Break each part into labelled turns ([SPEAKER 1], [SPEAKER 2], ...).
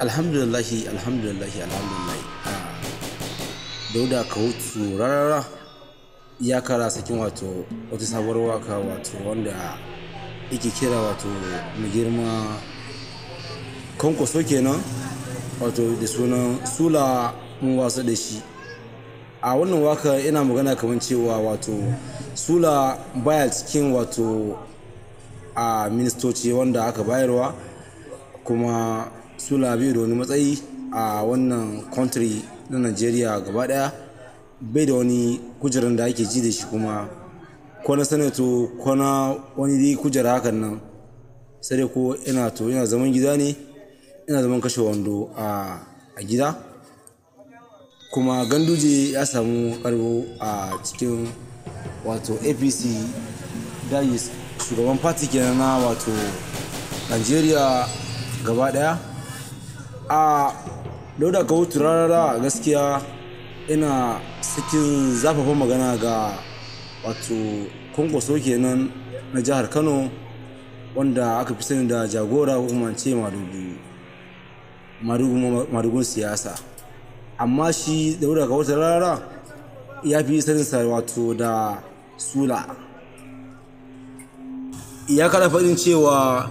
[SPEAKER 1] alhamdulillahi alhamdulillahi alhamdulillahi ah, dauda ka hutu rarara ya kara sakin wato wata sabuwar waka wato wanda yake kira wato mai girma kwankwaso kenan wato da sunan sula mun wasu da shi a wannan waka yana magana kamar cewa wato sula baya cikin wato a ah, ministoci wanda aka bayarwa kuma sula biyu da wani matsayi a wannan country na nigeria gaba daya bai da wani kujerar da ake ji da shi kuma ko na sanato ko na wani dai kujera hakan nan sai ko ina to ina zaman gida ne ina zaman kashe wando a gida kuma ganduje ya samu karbo a cikin wato apc daji shugaban fati kenan na wato nigeria gaba daya a dauda ka hutu rarara gaskiya ina cikin zafafan magana ga wato kwankwaso kenan na jihar kano wanda aka fi sani da jagora ko kuma ce madugun siyasa amma shi dauda ka hutu rarara ya fi saninsa wato da sula ya kada faɗin cewa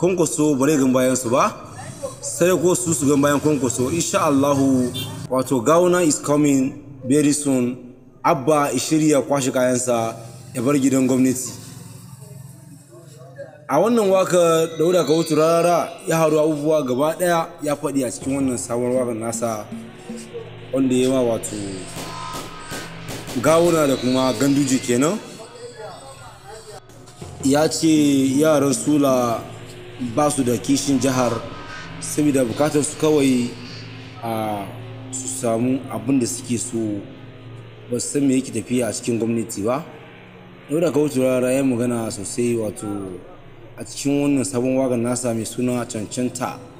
[SPEAKER 1] kwankwaso bare gan bayansu ba sai ko su su gan bayan kwankwaso insha Allahu wato gawuna is coming very soon abba shirya kwashe kayansa ya bar gidan gwamnati a wannan waka dauda ka wuce rarara ya haru abubuwa gaba daya ya faɗi a cikin wannan sabon wakan nasa wanda ya ma wato gawuna da kuma ganduje kenan ya ce yaran sula ba su da kishin jihar saboda bukatar su kawai a su samu abin da suke so ba su san me yake tafiya a cikin gwamnati ba yau da kawo turara ya magana sosai wato a cikin wannan sabon wagan nasa mai suna cancanta